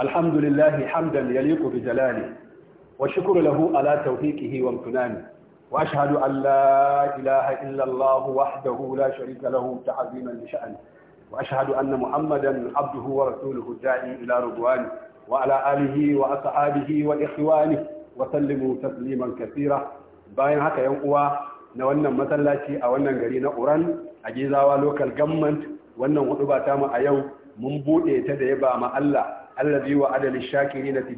الحمد لله حمدا يليق بجلاله والشكر له على توفيقه وامتنانه وأشهد أن لا إله إلا الله وحده لا شريك له تعظيما لشأنه وأشهد أن محمدا عبده ورسوله الداعي إلى رضوانه وعلى آله وأصحابه وإخوانه وسلموا تسليما كثيرا باين هكا ينقوى نوانا مسلاتي أو أن غرينا أوران أجيزاوا لوكال جمنت wannan hudu ba ta mu a yau mun bude ta da yaba ma Allah allazi wa adali shakirina fi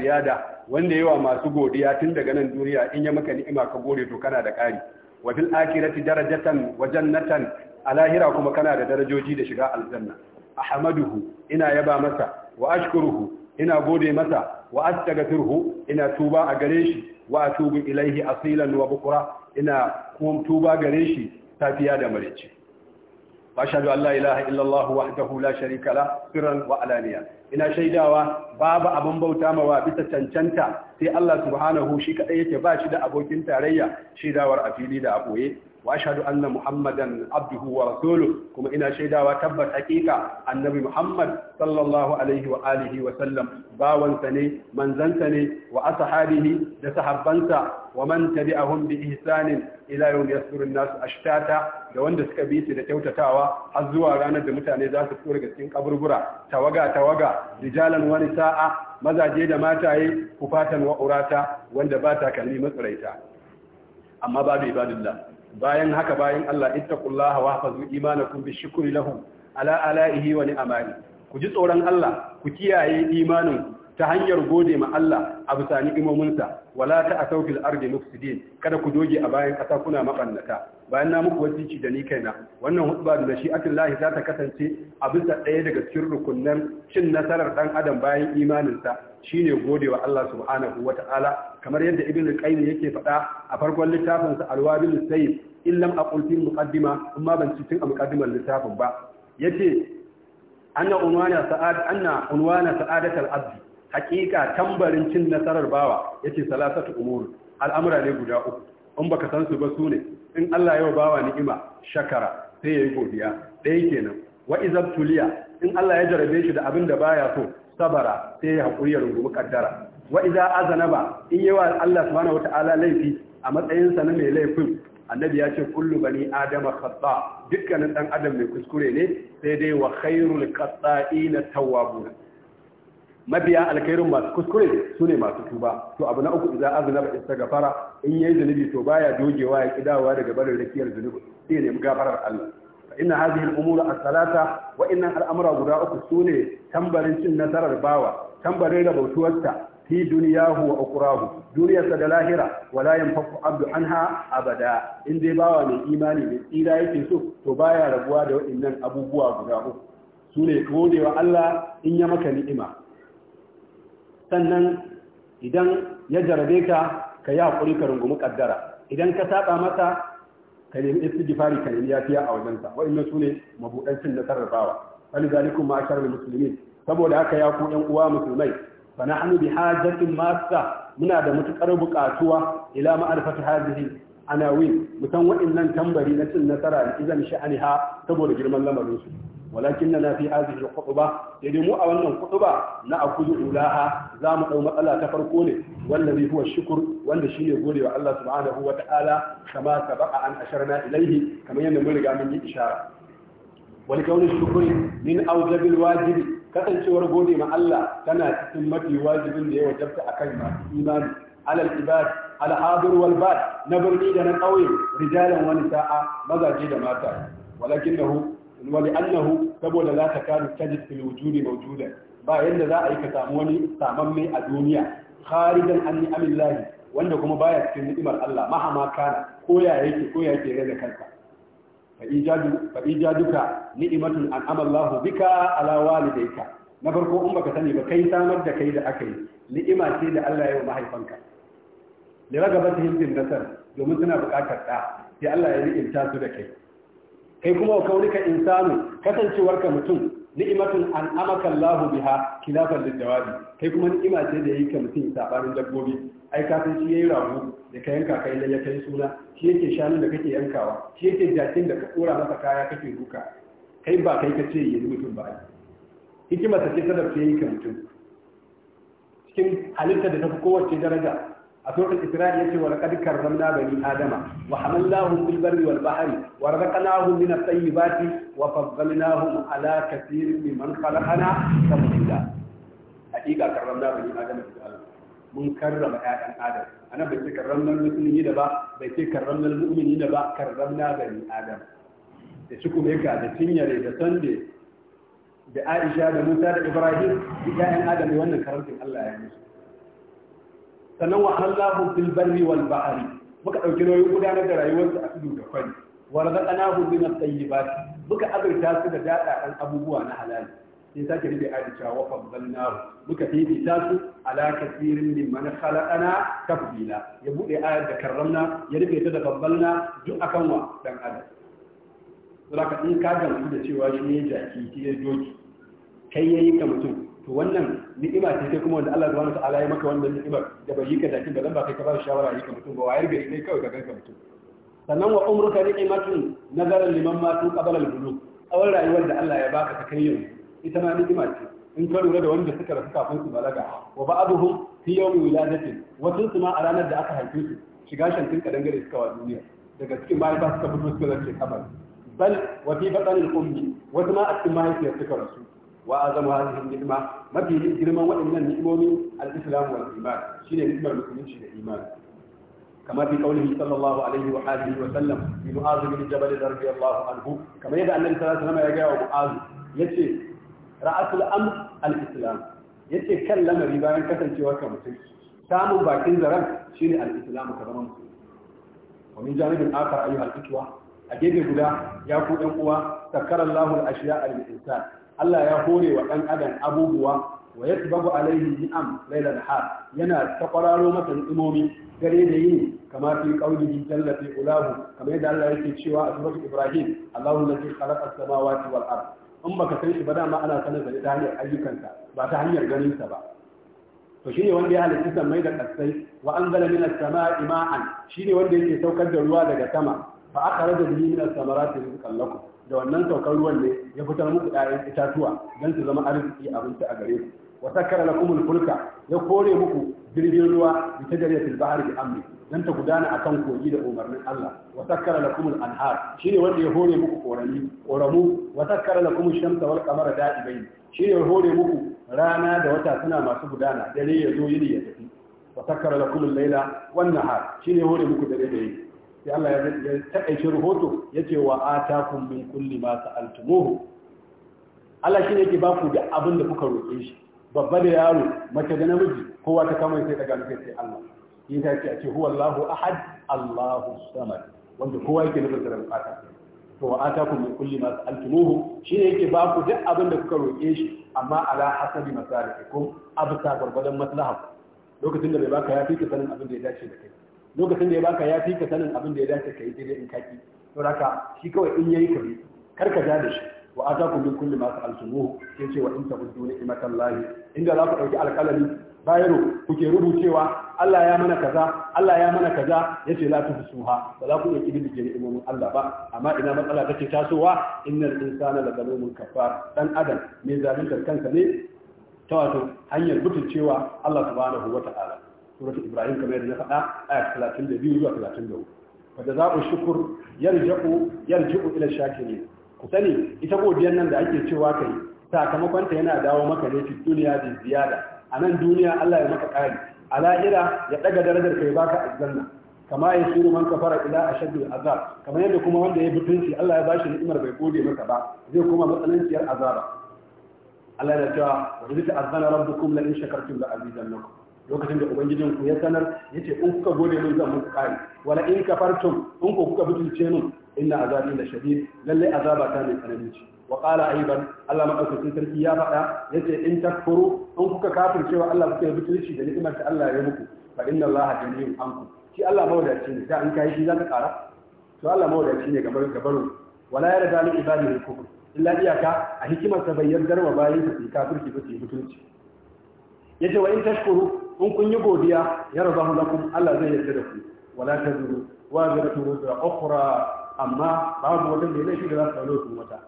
ziyada wanda yawa masu godiya tun daga nan duniya in ya maka ni'ima ka gode to kana da ƙari wa fil akhirati darajatan wa jannatan a lahira kuma kana da darajoji da shiga aljanna ahmaduhu ina yaba masa wa ashkuruhu ina gode masa wa astaghfiruhu ina tuba a gare shi wa atubu ilaihi asilan wa bukra ina kuma tuba gare shi safiya da maraice واشهد ان لا اله الا الله وحده لا شريك له سرا وعلانيه ina shaidawa babu abin bauta mawa bisa cancanta sai Allah subhanahu shi kadai yake ba shi da abokin tarayya shaidawar a fili da a boye wa ashhadu anna muhammadan abduhu wa rasuluhu kuma ina shaidawa tabbas hakika annabi muhammad sallallahu alaihi wa alihi wa sallam bawansa ne manzansa ne wa ashabihi da sahabbansa ومن a بإحسان إلى يوم يسر الناس أشتاتا da wanda suka bi su da kyautatawa har zuwa ranar da mutane za su fito daga cikin kaburbura tawaga tawaga rijalan wani sa'a mazaje da mataye kufatan wa urata wanda ba ta kalli matsaraita amma babu ibadullah bayan haka bayan Allah ittaqullaha wa hafazu imanakum bi shukri lahu ala alaihi wa ni'amali ku ji tsoron Allah ku kiyaye imaninku ta hanyar gode ma Allah a bisa ni'imominsa wala ta asawfil ardi mufsidin kada ku doge a bayan kasa kuna mabannata bayan na muku wasici da ni kaina wannan hutba da shi atillahi za ta kasance a bisa ɗaya daga cikin rukunnan cin nasarar ɗan adam bayan imaninsa shine godewa Allah subhanahu wata'ala kamar yadda ibn al-qayyim yake faɗa a farkon littafin sa al-wabil sayyid illam aqul fil muqaddima amma ban cikin a muqaddimar littafin ba yace anna unwana sa'ad anna unwana abdi hakika tambarin cin nasarar bawa yace salasatu umur al'amura ne guda uku in baka san su ba su ne in Allah ya bawa ni'ima shakara sai yayi godiya ɗaya kenan wa izab tuliya in Allah ya jarabe shi da abin da baya so sabara sai ya hakuri ya rungumi kaddara wa iza azanaba in yawa Allah subhanahu wataala laifi a matsayin sa na mai laifin annabi ya ce kullu bani adama khata dukkanin dan adam mai kuskure ne sai dai wa khairul qata'ina tawwabun mabiya alkhairin masu kuskure su ne masu tuba to abu na uku idza isa istaghfara in yayi zunubi to baya dogewa ya kidawa daga barin rakiyar zunubi sai ne gafarar Allah fa inna hadhihi al-umura as-salata wa inna al-amra guda uku sune tambarin cin nasarar bawa tambarin rabautuwarta fi duniyahu wa ukurahu duniyarsa da lahira wala yanfaku abdu anha abada in dai bawa mai imani mai tsira yake so to baya rabuwa da waɗannan abubuwa guda uku sune godewa Allah in ya maka ni'ima sannan idan ya jarabe ka ka yi haƙuri ka rungumi ƙaddara idan ka saba masa ka nemi istighfari ka nemi yafiya a wajensa wa'annan su ne mabuɗan cin nasarar bawa wani zalikun ma'ashar musulmi saboda haka ya ku yan uwa musulmai fa an bi hajjatin masa muna da matuƙar buƙatuwa ila ana hadhihi anawin musan wa'annan tambari na cin nasara da izan sha'aniha saboda girman lamarin su ولكننا في هذه الخطبة يدمو أولا الخطبة نأخذ أولاها زام أو مسألة تفرقون والذي هو الشكر وأن الشيء يقول الله سبحانه وتعالى كما سبق أن أشرنا إليه كما ينملغ من إشارة ولكون الشكر من أوجب الواجب kasancewar gode ma Allah tana cikin mafi wajibin da ya wajabta a kan masu imani alal ibad al hadir wal bad na birni da na ƙauye rijalan wani sa'a mazaje da mata walakinahu wani annahu saboda za ta kanu tajid fil wujudi mawjuda ba yadda za a yi ka samu wani samamme a duniya kharijan an ni'amillahi wanda kuma baya cikin ni'imar Allah mahama kana ko ya yake ko ya yake rage kansa fa ijadu fa ijaduka ni'matun an'ama Allahu bika ala walidayka na farko in baka sani ba kai samar da kai da aka yi ni'ima ce da Allah ya yi wa mahaifanka li ragabatihim bin nasar domin suna buƙatar da sai Allah ya ni'imta su da kai kai kuma ka kaunika ka insanu kasancewar ka mutum ni'imatun an amaka Allahu biha kilafan da jawabi kai kuma ni'ima ce da yake mutum sabanin dabbobi ai ka san shi yayi rago da ka yanka kai lalle kai suna shi yake shanun da kake yankawa shi yake jakin da ka tsora masa kaya kake duka kai ba kai ka ce yi mutum ba hikima ta ce sadar ce yake mutum cikin halitta da tafi kowace daraja a sautin isra'i yace wa laqad karramna bani adama wa hamalnahum fil barri wal bahri wa razaqnahum min at-tayyibati wa faddalnahum ala kathirin mimman khalaqna tafdila hakika karramna bani adama da Allah mun karrama ƴaƴan adam ana bai ce karramna musulmi da ba bai ce karramna mu'mini da ba karramna bani adam da shi kuma yake da tinyare da sande da Aisha da Musa da Ibrahim duk ƴaƴan adam ne wannan karantin Allah ya musu sannan wa halallahu fil barri wal bahri muka dauki nauyin gudanar da rayuwarsu a tudu da kwari wa razaqnahu min at-tayyibat muka azurta su da dadadan abubuwa na halal sai sake rike aisha wa faddalnahu muka fifita su ala kasirin min man khalaqana tafdila ya bude ayar da karramna ya rike ta da faddalna duk akan wa dan adam saboda in ka gamsu da cewa shi ne jaki shi ne doki kai yayi ka mutum to wannan ni'ima ce kai kuma wanda Allah subhanahu wataala ya maka wannan ni'imar da bai yi ka dakin ba zan ba kai ka ba shawara yi ka mutum ba wayar gari ne kawai ka ganka mutum sannan wa umruka ni'imatun nazaran liman ma tun qabala al-bulugh tsawon rayuwar da Allah ya baka ta kai yau ita ma ni'ima ce in ka lura da wanda suka rasu kafin su balaga wa ba'aduhum fi yawmi wiladatin wasu su ma a ranar da aka haife su shiga shantin kadan gare suka wa duniya daga cikin mahaifa suka fito suka zarce kamar bal wa fi badanil ummi wasu ma a cikin mahaifiyar suka rasu wa azamu hadhihi ni'ma mafi girman waɗannan ni'imomi al-islam wal iman shine ni'imar musulunci da imani كما في قوله صلى الله عليه وآله وسلم في معاذ بن جبل رضي الله عنه كما يدعى النبي صلى الله عليه وسلم يجاء معاذ يتي رأس الأمر الإسلام يتي كلم ربان كتن سوى كمسك سامو باكين زرم شيني الإسلام كذا ومن جانب آخر أيها الإخوة أجيب يقول يا أخوة سكر الله الأشياء للإنسان Allah ya hore wa ɗan adam abubuwa wa ya tubabu alaihi ni'am laila har yana ta kwararo masa ni'imomi dare da yini kamar fi qaulihi jalla fi ulahu kamar yadda Allah yake cewa a suratul ibrahim Allahu allazi khalaqa as-samawati wal ard in baka san shi ba dama ana sanar da ta hanyar ayyukansa ba ta hanyar ganinsa ba to shine wanda ya halitta sammai da kasai wa anzala minas sama'i ma'an shine wanda yake saukar da ruwa daga sama fa akhraja bihi minas samarati rizqan lakum da wannan saukar ruwan ne ya fitar muku ɗayan itatuwa don su zama arziki abinci a gare ku wa sakkara lakum fulka ya kore muku jirgin ruwa bi tajriyatil bahar bi amri don ta gudana akan kogi da umarnin Allah wa sakkara lakum anhar ne wanda ya hore muku korani koramu wa sakkara lakum shamsa wal bai da'ibain shine ya hore muku rana da wata suna masu gudana dare ya zo yini ya tafi wa sakkara lakum laila wan nahar shi ya hore muku dare da yini sai Allah ya taƙaice rahoto ya ce wa atakum min kulli ma sa'altumuhu Allah shine yake baku da abin da kuka roƙe shi babba da yaro mace da namiji kowa ta kama sai daga nufin sai Allah yi ta ce a ce huwa Allahu ahad Allahu samad wanda kowa yake nufin da bukata to wa atakum min kulli ma sa'altumuhu shine yake baku da abin da kuka roƙe shi amma ala hasabi masalikum abta garbadan maslaha lokacin da bai baka ya fi sanin abin da ya dace da kai lokacin da ya baka ya fi ka sanin abin da ya dace ka yi daidai in kaki to haka shi kawai in yayi ka bi kar ka da shi wa ku min kulli ma sa'altumuhu sai ce wa in ni ni'matallahi inda za ku dauki alƙalami ku kuke rubucewa Allah ya mana kaza Allah ya mana kaza yace la suha ba za ku iya kididdige ni'imomin Allah ba amma ina matsala take tasowa innal insana zalumun kafar dan adam me zalunta kansa ne ta wato hanyar cewa Allah subhanahu wata'ala suratul ibrahim kamar yadda na faɗa aya 32 zuwa 34 wanda za ku shukur yarja'u yarji'u ila shakirin ku sani ita godiyar nan da ake cewa ka yi, sakamakonta yana dawo maka ne fi duniya bi ziyada a nan duniya Allah ya maka ƙari ala'ira ya ɗaga darajar kai baka aljanna kama ya shiru man a ila ashaddu azab kamar yadda kuma wanda ya butunci Allah ya bashi ni'imar bai gode maka ba zai kuma matsalanciyar azaba Allah ya cewa wa idza azana rabbukum la in shakartum la azidannakum lokacin da ubangijin ku ya sanar ya ce in kuka gode min zan muku kare wala in kafartum in ku kuka butulce min inna azabi la shadid lalle azaba ta mai tsanani ce wa qala ayban Allah madaukakin sarki ya faɗa yace in takfuru in kuka cewa Allah kuka yi butulci da ni'imar da Allah ya muku fa inna Allah jamiyun anku. shi Allah mawadaci ne da in kai shi zaka kara to Allah mawadaci ne gabar gabaru wala yarda li ne kufr illa iyaka a hikimar ta bayyar darwa bayin su kafirci ba su yi butulci yace wa in tashkuru in kun yi godiya ya rabahu lakum Allah zai yarda da ku wala tazuru wa zaratu wuzra ukhra amma babu wanda ne laifi da za su kawo su wata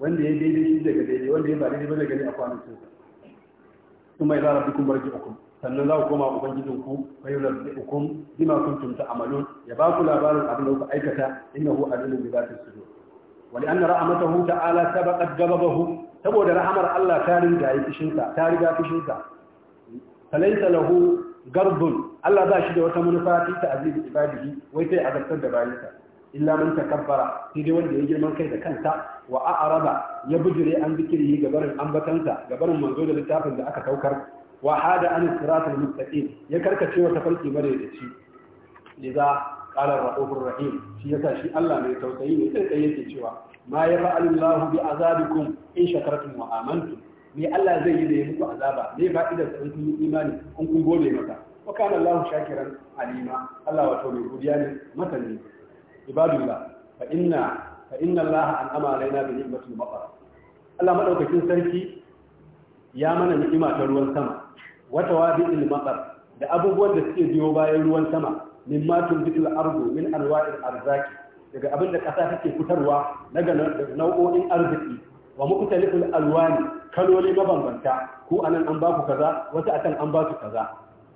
wanda ya daidai shi daga daidai wanda ya ba daidai ba zai gani a kwanakin sa kuma ila rabbikum barji'ukum sannan za ku koma ubangijin ku fa yunabbi'ukum bima kuntum ta'malun ya ba ku labarin abin da kuka aikata innahu adilun bi zati sudur wa li anna rahmatahu ta'ala sabaqat ghadabahu saboda rahmar Allah ta riga yi fushinsa ta riga fushinsa falaisa lahu gardun Allah ba shi da wata manufa ta azizi ibadihi wai sai azabtar da bayinsa illa man takabbara sai dai wanda ya girman kai da kansa wa raba, ya bujire an zikiri gabarin ambatansa gabarin manzo da littafin da aka saukar wa hada an siratal mustaqim ya karkace wata farki bare da shi liza qala ar-rahmanur rahim shi yasa shi Allah mai tausayi ne sai yake cewa ma yafa'alullahu bi azabikum in shakartum wa amantum Ni Allah zai yi da ya muku azaba me ba idan in kun imani kun kun gode masa wa kana Allahu shakiran alima Allah wato mai godiya ne masani ibadullah fa inna fa inna Allah an'ama alaina bi ni'matil matar Allah madaukakin sarki ya mana ni'ima ta ruwan sama wata wadi'il matar da abubuwan da suke biyo bayan ruwan sama min matun bitul ardu min anwa'il arzaki daga abin da kasa take fitarwa daga nau'o'in arziki wa mukhtaliful alwani kaloli mabambanta ku anan an ba ku kaza wata kan an ba kaza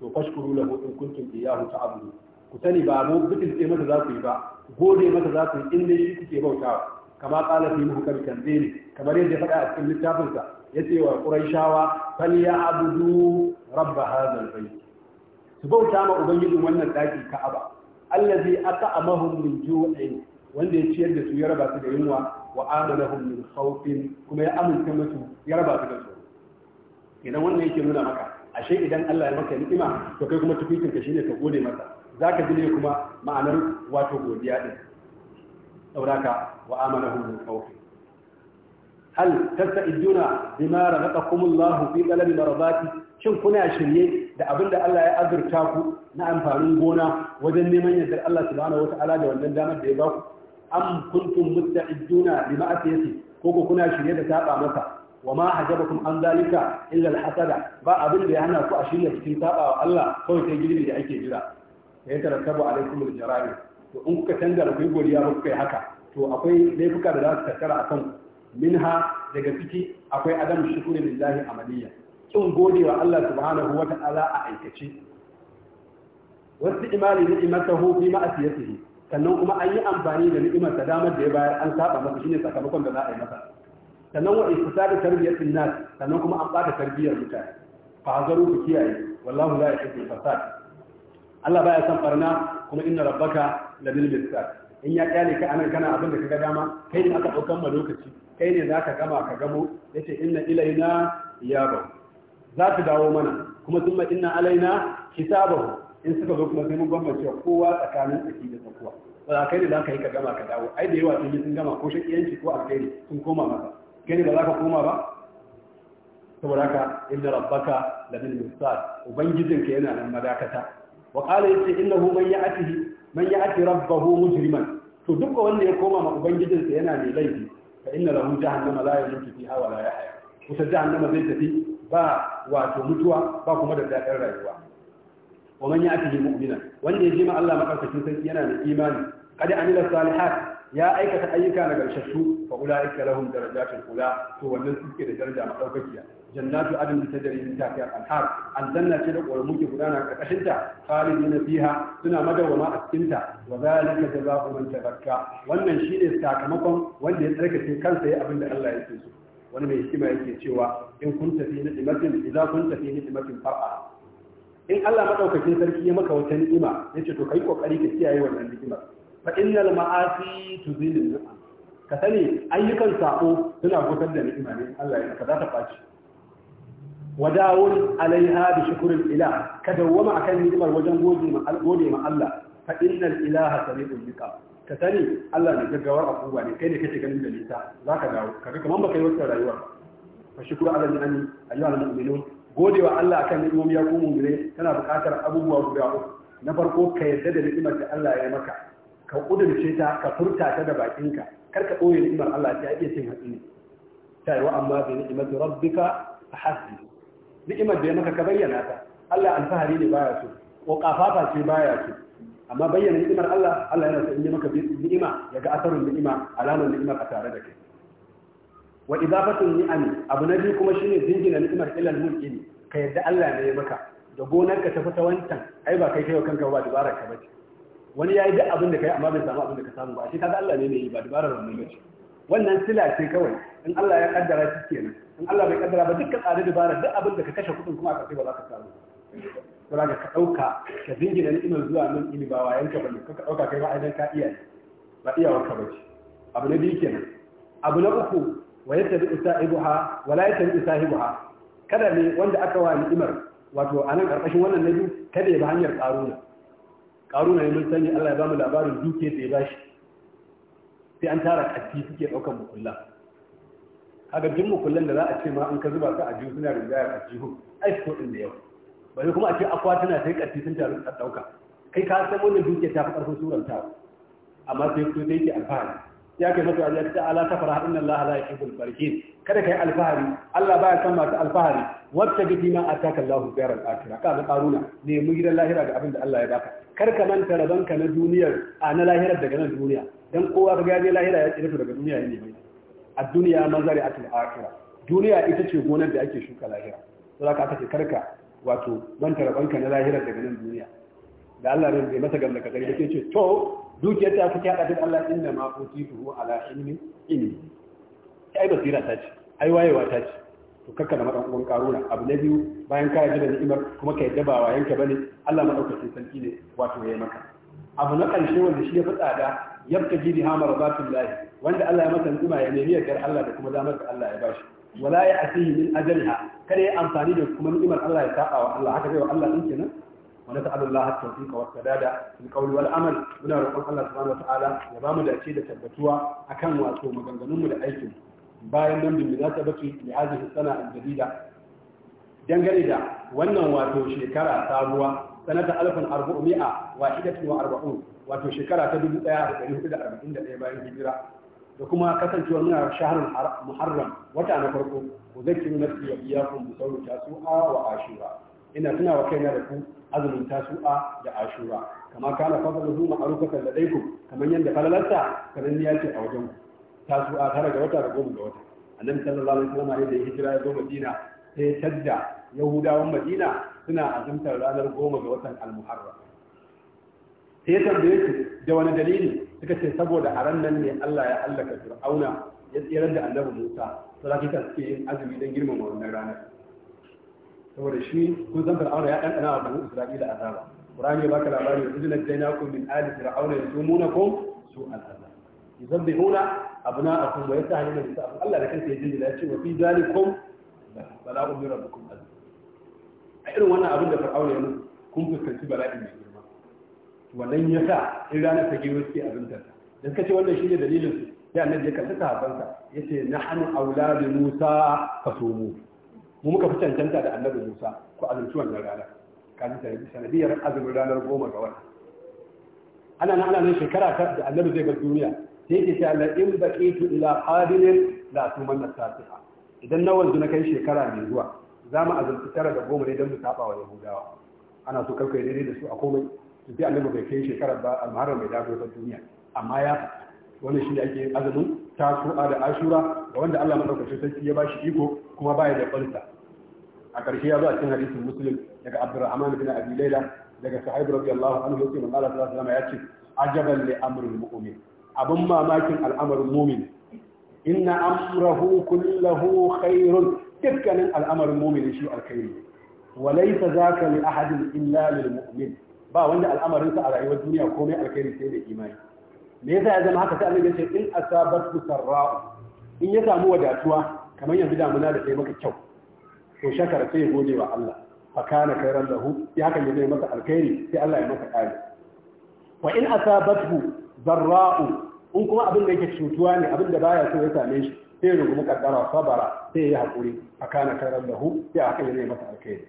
to fashkuru lahu in kuntum iyyahu ta'budu ku sani ba mu bitin sai mata za ku yi ba gode mata za ku yi in dai shi kuke bautawa kama qala fi muhkam tanzili kamar yadda ya faɗa a cikin littafin sa yace wa quraishawa fal ya'budu rabb hadha al su bauta ma ubangijin wannan daki ka'aba allazi at'amahum min ju'in wanda ya ciyar da su ya raba su da yunwa wa amanahum min khawfin kuma ya amince musu ya raba su da tsoro idan wannan yake nuna maka ashe idan Allah ya maka ni'ima to kai kuma tufikin ka shine ka gode masa zaka ji ne kuma ma'anar wato godiya din sauraka wa amanahum min khawfin hal tasta'iduna bima razaqakum Allah fi talabi marzati shin kuna shirye da abinda Allah ya azurta ku na amfanin gona wajen neman yardar Allah subhanahu wataala da wannan damar da ya ba ku am kuntum musta'iduna lima atiyati ko ko kuna shirye da saba masa wa ma hajabakum an zalika illa alhasada ba abin da ya hana ku a shirye cikin saba wa Allah kawai sai girbi da ake jira ya tarattabu alaikum jarabi? to in kuka canza da kuyi godiya ba kuka yi haka to akwai laifuka da za su tattara kan minha daga ciki akwai adam shukuri lillahi amaliya kin godewa Allah subhanahu wa ta'ala a aikace wasu imali ni'imatahu fi ma'asiyatihi sannan kuma an yi amfani da ni'imar ta damar da ya bayar an saba masa shine sakamakon da za a yi masa sannan wa ifsadu tarbiyyar nas sannan kuma an bata tarbiyyar mutane fa hazaru ku kiyaye wallahu la yuhibbu fasad Allah baya san barna kuma inna rabbaka labil mirsad in ya kyale ka anan kana abin da kaga dama kai ne aka daukan ma lokaci kai ne zaka gama ka gamo yace inna ilaina ya za ta dawo mana kuma thumma inna alaina hisabahu in suka zo kuma sai mun bambance kowa tsakanin tsaki da tsakuwa ba za kai da za ka yi ka gama ka dawo ai da yawa sun yi sun gama ko shakiyanci ko alkhairi sun koma maka kai ba za ka koma ba saboda ka inda rabbaka bin bil ubangijin ka yana nan madakata wa qala yace innahu man ya'tihi man ya'ti rabbahu mujriman to duk wanda ya koma ma sa yana ne laifi fa inna lahu jahannama la yamutu fiha wa la yahya kusa jahannama zai tafi ba wato mutuwa ba kuma da dadin rayuwa wa man ya'tihi mu'mina wanda ya jima Allah madaukakin sarki yana da imani kada amila salihat ya aikata ayyuka na garshashu fa ulaika lahum darajatul ula to wannan ke da daraja madaukakiya jannatu adn ta jari min tahtiha al-anhar ce da ƙoramu ke gudana karkashin ta khalidin fiha suna madawama a cikin ta wa zalika jazaa'u man wannan shine sakamakon wanda ya tsarkake kansa ya abinda Allah yake so wani mai hikima yake cewa in kun tafi ni'matin idza kun tafi ni'matin far'a in Allah madaukakin sarki ya maka wata ni'ima ya ce to kai kokari ka kiyaye wannan ni'imar fa innal ma'asi tuzilu ni'am ka sani ayyukan sako suna gusar da ni'ima ne Allah ya ka za ta faci wadawun alaiha bi shukril ilah ka dawwama akan ni'imar wajen gode ma gode ma Allah fa innal ilaha sari'ul liqa ka sani Allah ne gaggawar abubuwa ne kai ne kake ganin da nisa Za ka dawo kaga kaman baka yi wata rayuwar fa shukru ala ni'ami ayyuhal mu'minun gode wa Allah kan ni'imomi ya kuma mure tana buƙatar abubuwa guda uku na farko ka yarda da ni'imar da Allah ya maka ka kudurce ta ka furta ta da bakinka kar ka ɓoye ni'imar Allah ta iya cin hatsi ne ta yi wa amma bi ni'imar rabbika a ni'imar da ya maka ka bayyana ta Allah alfahari ne baya so ko kafafa ce baya so amma bayyana ni'imar Allah Allah yana so in maka ni'ima ya ga asarin ni'ima alamar ni'imar a tare da kai wa idafatul ni'am abu na biyu kuma shine dingina ni'imar ilal mulki ne ka yadda Allah ne ya maka da gonar ka tafi ta wancan ai ba kai kai kanka ba dubara ka bace wani yayi duk abin da kai amma bai samu abin da ka samu ba shi kaga Allah ne ne yi ba dubara wannan bace wannan sila ce kawai in Allah ya kaddara shi kenan in Allah bai kaddara ba dukkan tsare dubara duk abin da ka kashe kudin kuma ka sai ba za ka samu kuma ka dauka ka dingina ni'imar zuwa nan ini ba wayanka bane ka dauka kai ba aidan ka iya ba iyawarka bace abu na biyu kenan abu na uku wa yattabi'u sahibuha wa la yattabi'u sahibuha kada ne wanda aka wa ni'imar wato a nan karkashin wannan nabi kada ya ba hanyar karuna karuna ne mun sani Allah ya ba mu labarin duke da ya bashi sai an tara katti suke daukan mukulla kaga duk mukullan da za a ce ma an ka zuba ka a jihu suna rinjaya a jihu ai ko din da yau bari kuma a ce akwatuna sai katti sun taru a dauka kai ka san wannan duke ta fi karfin suranta amma sai ko sai ke alfahari ya kai masa Allah ta ala tafara inna Allah la yuhibbul farihin kada kai alfahari Allah baya san masu alfahari wata gidi ma ataka Allah daral akhirah ka da karuna ne gidan lahira ga abin da Allah ya baka kar ka manta raban ka na duniyar a na lahirar daga nan duniya dan kowa ka je lahira ya tsira daga duniya ne mai a duniya a akhirah duniya ita ce gonar da ake shuka lahira saboda ka kace ka wato manta raban ka na lahirar daga nan duniya da Allah ne bai masa gamda kadari ke ce to dukiyar ta fi kyaɗa duk Allah inda ma kuti tuhu ala ilmi ilmi ai basira ta ce ai wayewa ta ce to kakka da madan uwan karuna abu na biyu bayan ka ji da ni'imar kuma ka yadda ba wayanka bane Allah madaukakin sarki ne wato yayi maka abu na karshe wanda shi ya fi tsada yabta gidi ha marzatul lahi wanda Allah ya masa ni'ima ya nemi yardar Allah da kuma damar da Allah ya bashi wala ya asihi min ajalha kada ya amfani da kuma ni'imar Allah ya saba wa Allah haka zai wa Allah din kenan ونسأل الله التوفيق والسداد في القول والعمل من رقم الله سبحانه وتعالى يبام دا شيء تبتوا أكن واتو مغنغنم دا أيكم bayan nan bin za ta baki da hadisi sana jadida dangane da wannan wato shekara sabuwa sanata 1440 wato shekara ta 1441 bayan hijira da kuma kasancewar muna shaharar muharram wata na farko ku zai kiri nafi ya biya kun bi sauri wa ashura ina tuna wa kaina da ku azumin tasu'a da ashura kama kana fadluhu ma'rufatan ladaykum kaman yanda falalarta kaman ya ce a wajen tasu'a tare da wata da goma ga wata annabi sallallahu alaihi wasallam da hijira ya zo madina sai tadda yahudawan madina suna azumtar ranar goma ga watan almuharram sai ya tambaye su da wani dalili suka ce saboda a nan ne Allah ya allaka fir'auna ya tsirar da annabi Musa sarakita suke yin azumi don girmama wannan ranar saboda shi kun san fir'auna ya ɗanɗana a banu isra'ila azaba qur'ani ba ka labari wa idna jaynakum min ali fir'auna yasumunakum su'al azab yuzabbihuna abna'akum wa yastahluna nisa'akum Allah da kansa ya jinjina ya ce wa fi zalikum bala'un min rabbikum azab a irin wannan abin da fir'auna ya mutu kun fuskanci bala'i mai girma wannan ya sa in ranar ta gero suke ta. da suka ce wannan shi ne dalilin sai annabi ya kalli sahabbansa ya ce nahnu aula bi musa fasumu mu muka fi cancanta da annabi musa ko azumci wannan rana kaji sanadiyar azumin ranar goma ga wata ana nan ana nan shekara ta da annabi zai bar duniya sai yake cewa in baqitu ila qabilin la tumanna safiha idan na wanzu na kai shekara mai zuwa za mu azumci tara da goma ne don mu saba wa yahudawa ana so karkai daidai da su a komai su sai annabi bai kai shekara ba almaharar mai dago ta duniya amma ya wani shi ne ake azumin tasu'a da ashura ga wanda Allah madaukakin sarki ya bashi iko kuma baya da falsa a ƙarshe ya zo a cikin hadisin muslim daga abdurrahman bin abi laila daga sahabi radiyallahu anhu yake manzo Allah sallallahu alaihi ya ce ajaban li amrul mu'min abun mamakin al'amarin mu'min inna amrahu kullahu khairun dukkanin al'amarin mu'min shi alkhairi wa laysa zaka li ahadin illa lil mu'min ba wanda al'amarinsa a rayuwar duniya komai alkhairi sai da imani me yasa ya zama haka sai annabi ya ce in asabatu sarra'u in ya samu wadatuwa kamar yanzu damuna da sai maka kyau to shakara sai ya gode wa Allah fa kana khairan lahu ya hakan ya zama masa alkhairi sai Allah ya masa kare wa in asabatu darra'u in kuma abin da yake cutuwa ne abin da baya so ya same shi sai ya rungumi kaddara sabara sai ya yi hakuri fa kana khairan lahu ya hakan ya zama masa alkhairi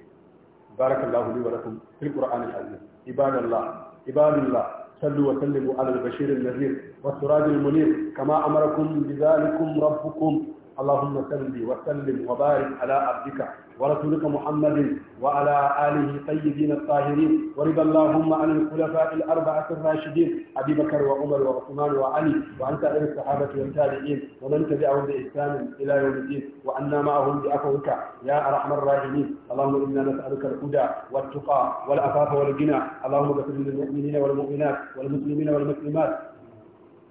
barakallahu li wa lakum fil qur'anil azim ibadallah ibadallah صلوا وسلموا على البشير النذير والسراج المنير كما أمركم بذلكم ربكم اللهم صل وسلم وبارك على عبدك ورسولك محمد وعلى آله الطيبين الطاهرين ورضى اللهم عن الخلفاء الأربعة الراشدين أبي بكر وعمر وعثمان وعلي وعن سائر الصحابة والتابعين ومن تبعهم بإحسان إلى يوم الدين وعنا معهم بعفوك يا أرحم الراحمين اللهم إنا نسألك الهدى والتقى والعفاف والغنى اللهم اغفر للمؤمنين والمؤمنات والمسلمين والمسلمات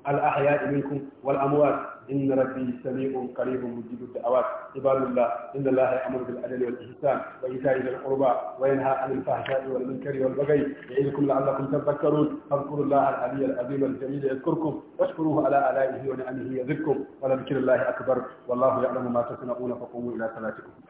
الأحياء منكم والأموات إن ربي سميع قريب مجيب الدعوات عباد الله إن الله يأمر بالعدل والإحسان وإيتاء ذي القربى وينهى عن الفحشاء والمنكر والبغي يعظكم لعلكم تذكرون فاذكروا الله العلي العظيم الجميل يذكركم واشكروه على آلائه ونعمه يذكركم ولذكر الله أكبر والله يعلم ما تصنعون فقوموا إلى صلاتكم